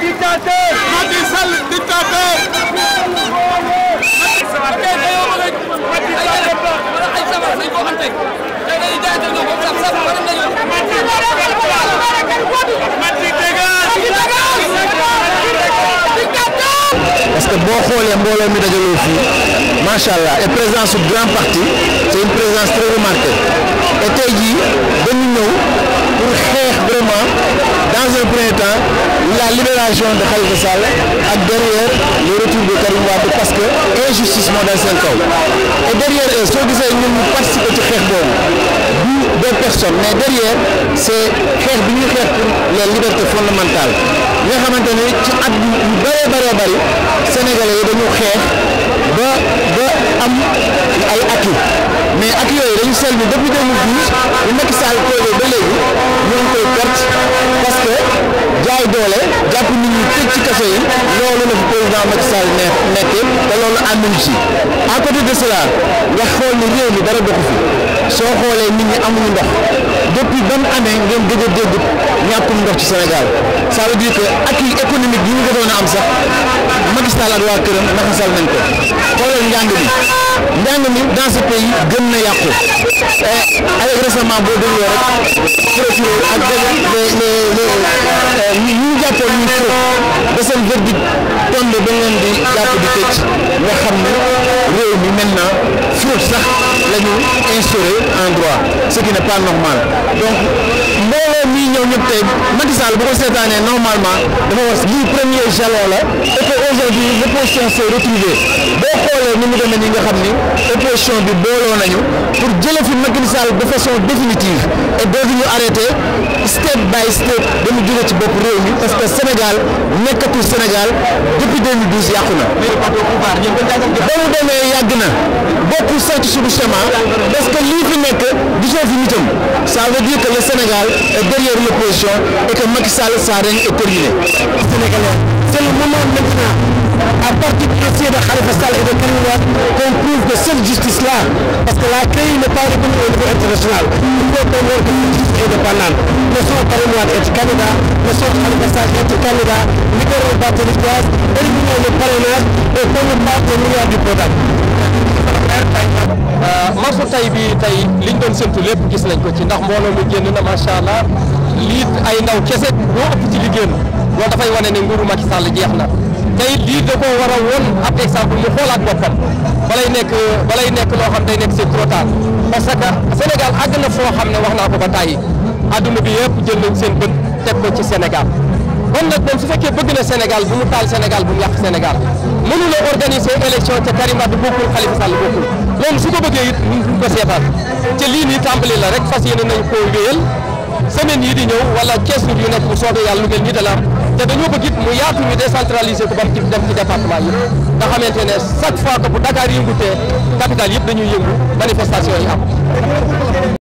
dictateur Macky Sall dictateur parce que boo xoolee mbooloo mi dajaloo fii macha allah et présence du grand parti c'est une présence très remarquée et tey jii dans un premier temps la de Khalifa Sall ak derrière le retour de Karim Wade parce que injustice moo dal seen kaw et derrière soo gisee ñun ñu participer ci xeex boobu du des personnes mais derrière c'est xeex bi ñuy xeex pour les libertés fondamentales nga xamante ne ci at yu bëree bëree bëri sénégalais yi dañu xeex ba ba am ay acquis mais ak yooyu dañu seetlu depuis 2012 bu Macky Sall toogee ba léegi. doole jàpp nit ñi tëj ci kaso yi loolu la fi président Macky Sall ne nekk te loolu de cela nga xool ni réew mi dara doxu fi soo xoolee nit ñi amuñu a dégg ci Sénégal ça veut dire que acquis économique yi ñu a am sax Macky Sall ak waa këram naxasal nañ ko xoolal njàng mi njàng mi dans ce pays gën na yàqu et eh, avec récemment boo dégloo rek procureur ak les les xam ne réew mi maintenant fraude sax la ñu instauré en droit ce qui n'est pas normal donc mbooloo mii ñëw ñëpp tey Macky Sall bu ko seetaanee normalement dafa wax lii premier jalon la et que aujourd'hui l'opposition s'est retrouvée gisee ni mu demee nii nga xam ni opposition bi booloo nañu pour jëlee fi Macky Sall de façon définitive et dootuñu step by step ba mu jóge ci bopp réew mi parce que Sénégal nekkatul Sénégal depuis 2012 yàqu na. ba mu demee yàgg na bokkul sax ci suñu chemin parce que lii fi nekk gisoo fi nitam ça veut dire que le Sénégal est derrière l'opposition et que Macky Sall sa règne est à partir du dossier de Khalifa Sall et de Karim la CREI n'est pas reconnue au niveau international, il faut qu'on voit que cette justice est indépendante. Laissons Karim Wade être candidat, laissons Khalifa Sall être candidat, libérons le parti d'Histoire, éliminons le parrainage et prenons part au tay bi tay liñ doon séntu lépp gis nañ ko ci ndax mbooloo mi génn na macha allah ay ndaw kese boo ëpp ci liggéeyam loolu dafay wane ne nguuru Macky Sall jeex na. tey lii da koo war a woon ab exemple mu xoolaat boppam balay nekk balay nekk loo xam day nekk c'est trop tard parce que Sénégal àgg na foo xam ne wax naa ko ba tàyyi adduna bi yëpp jël nañ seen bët teg ko ci Sénégal kon nag moom su fekkee bëgg na Sénégal bu mu taal Sénégal bu mu yàq Sénégal mënula organiser élection ca Karim Wade bokkul Khalifa Sall bokkul loolu su ko bëggee it ñu ko seetaan ca lii nii tàmbali la rek fas yéene nañ koo wéyal semaine di ñëw wala 15 jours te dañoo bëgg it mu yaatu ñu décentraliser ko ba ci dem ci département yi nga xamante ne chaque fois que bu Dakar yëngutee capital yëpp dañuy yëngu manifestation yi am.